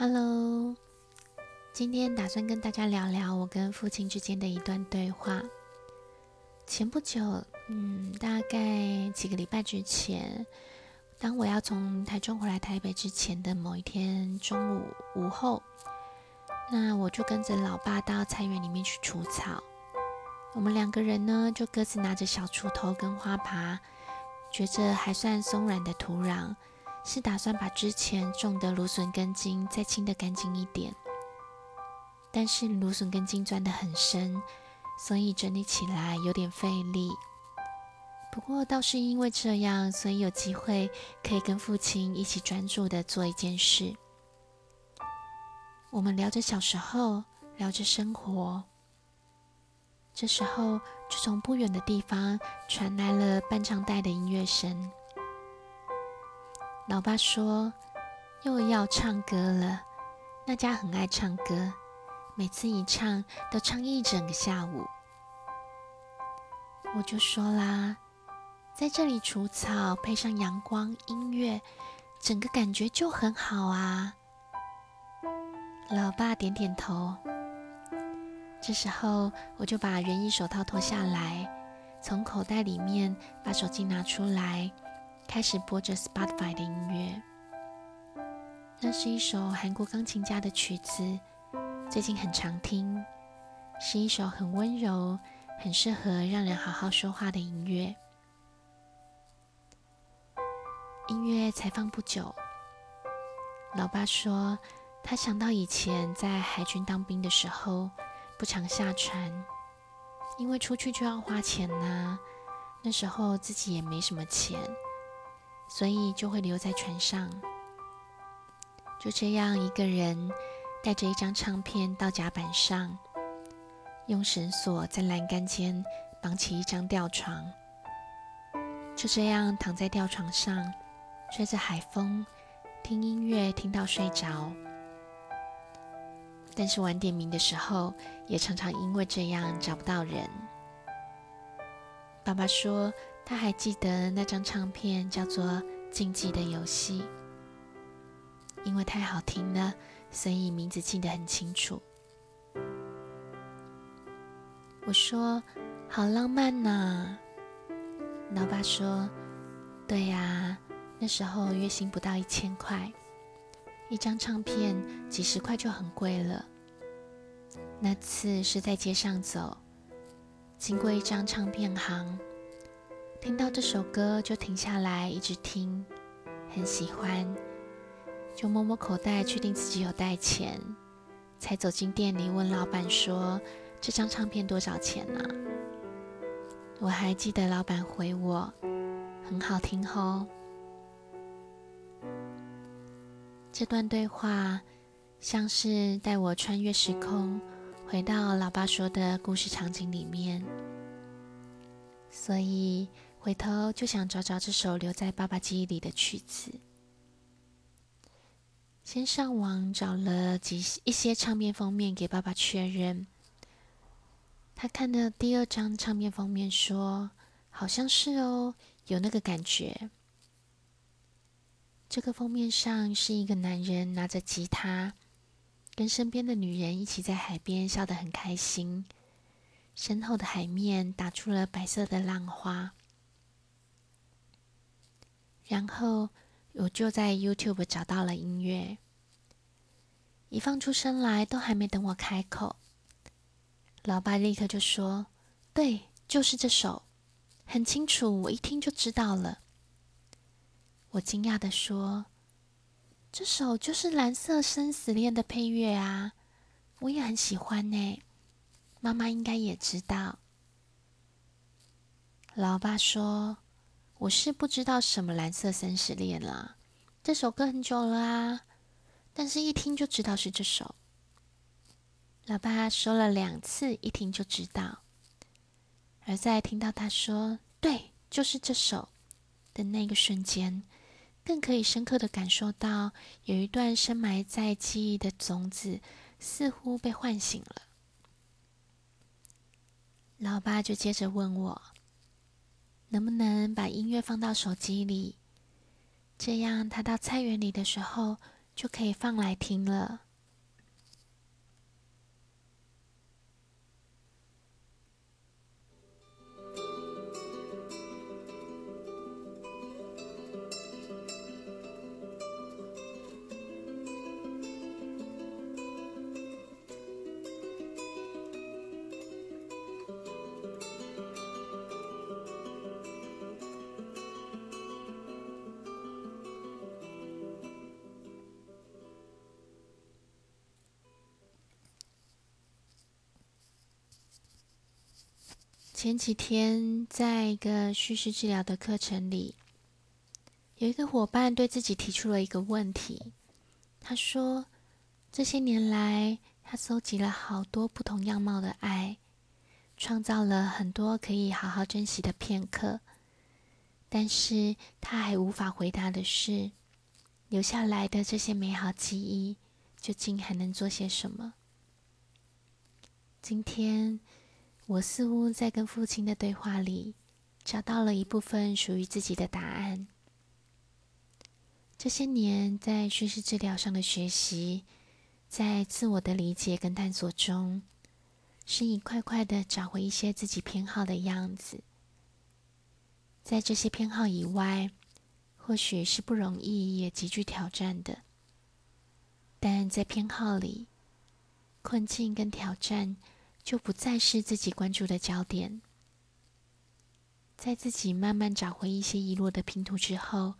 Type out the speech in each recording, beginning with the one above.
Hello，今天打算跟大家聊聊我跟父親之間的一段對話。前不久，嗯，大概幾個禮拜之前，當我要從台中回來台北之前的某一天中午午後，那我就跟着老爸到菜園裡面去除草。我們兩個人呢，就各自拿着小鋤頭跟花耙，掘着還算鬆軟的土壤。是打算把之前種的蘆筍根莖再清得乾淨一點，但是蘆筍根莖鑽得很深，所以整理起來有點費力。不過倒是因為這樣，所以有機會可以跟父親一起專注地做一件事。我們聊着小時候，聊着生活，這時候就從不遠的地方傳來了伴唱帶的音樂聲。老爸說：“又要唱歌了，那家很愛唱歌，每次一唱都唱一整個下午。”我就說啦：“在這裡除草，配上陽光、音樂，整個感覺就很好啊。”老爸點點頭。這時候，我就把園藝手套脫下來，從口袋裡面把手機拿出來。開始播着 Spotify 的音樂，那是一首韓國鋼琴家的曲子，最近很常聽，是一首很溫柔、很適合讓人好好說話的音樂。音樂才放不久，老爸說他想到以前在海軍當兵的時候，不常下船，因為出去就要花錢吶、啊，那時候自己也沒什麼錢。所以就會留在船上，就這樣一個人帶着一張唱片到甲板上，用繩索在欄杆間綁起一張吊床，就這樣躺在吊床上吹着海風聽音樂，聽到睡着。但是晚點名的時候，也常常因為這樣找不到人。爸爸說。他還記得那張唱片叫做《禁忌的遊戲》，因為太好聽了，所以名字記得很清楚。我說：“好浪漫吶、啊！”老爸說：“對呀、啊，那時候月薪不到一千塊，一張唱片幾十塊就很貴了。那次是在街上走，經過一張唱片行。”聽到這首歌就停下來，一直聽，很喜歡，就摸摸口袋確定自己有帶錢，才走進店裡問老闆說：“這張唱片多少錢呢、啊？”我還記得老闆回我：“很好聽哦。”這段對話像是帶我穿越時空，回到老爸說的故事場景裡面，所以。回頭就想找找這首留在爸爸記憶裡的曲子。先上網找了幾一些唱片封面給爸爸確認。他看了第二張唱片封面，說：“好像是哦，有那個感覺。”這個封面上是一個男人拿着吉他，跟身邊的女人一起在海邊笑得很開心，身後的海面打出了白色的浪花。然後我就在 YouTube 找到了音樂，一放出聲來，都還沒等我開口，老爸立刻就說：“對，就是這首，很清楚，我一聽就知道了。”我驚訝地說：“這首就是《藍色生死戀》的配樂啊，我也很喜歡呢。媽媽應該也知道。”老爸說。我是不知道什麼藍色生死戀啦，這首歌很久了啊，但是一聽就知道是這首。老爸說了兩次，一聽就知道，而在聽到他說“對，就是這首”的那個瞬間，更可以深刻的感受到，有一段深埋在記憶的種子似乎被喚醒了。老爸就接着問我。能不能把音樂放到手機裡，這樣他到菜園裡的時候就可以放來聽了。前幾天，在一個敘事治療的課程裡，有一個夥伴對自己提出了一個問題。他說：“這些年來，他蒐集了好多不同樣貌的愛，創造了很多可以好好珍惜的片刻。但是他還無法回答的是，留下來的這些美好記憶，究竟還能做些什麼？”今天。我似乎在跟父親的對話裡，找到了一部分屬於自己的答案。這些年在敘事治療上的學習，在自我的理解跟探索中，是一塊塊的找回一些自己偏好的樣子。在這些偏好以外，或許是不容易，也極具挑戰的。但在偏好裡，困境跟挑戰。就不再是自己關注的焦點。在自己慢慢找回一些遺落的拼圖之後，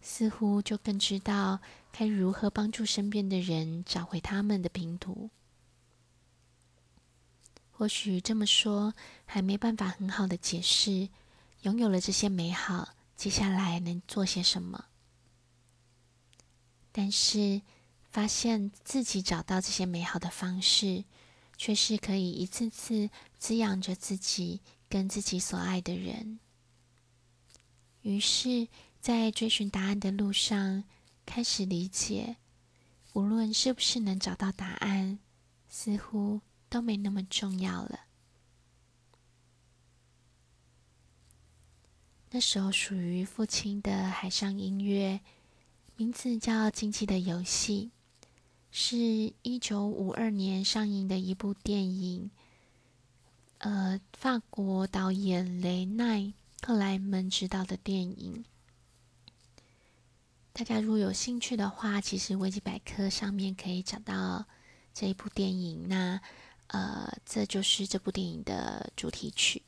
似乎就更知道該如何幫助身邊的人找回他們的拼圖。或許這麼說還沒辦法很好的解釋，擁有了這些美好，接下來能做些什麼？但是發現自己找到這些美好的方式。卻是可以一次次滋養着自己跟自己所愛的人。於是，在追尋答案的路上，開始理解，無論是不是能找到答案，似乎都沒那麼重要了。那時候，屬於父親的海上音樂，名字叫《禁忌的遊戲》。是一九五二年上映的一部電影，呃，法國導演雷奈克萊門執導的電影。大家如果有興趣的話，其實維基百科上面可以找到這一部電影。那，呃，這就是這部電影的主題曲。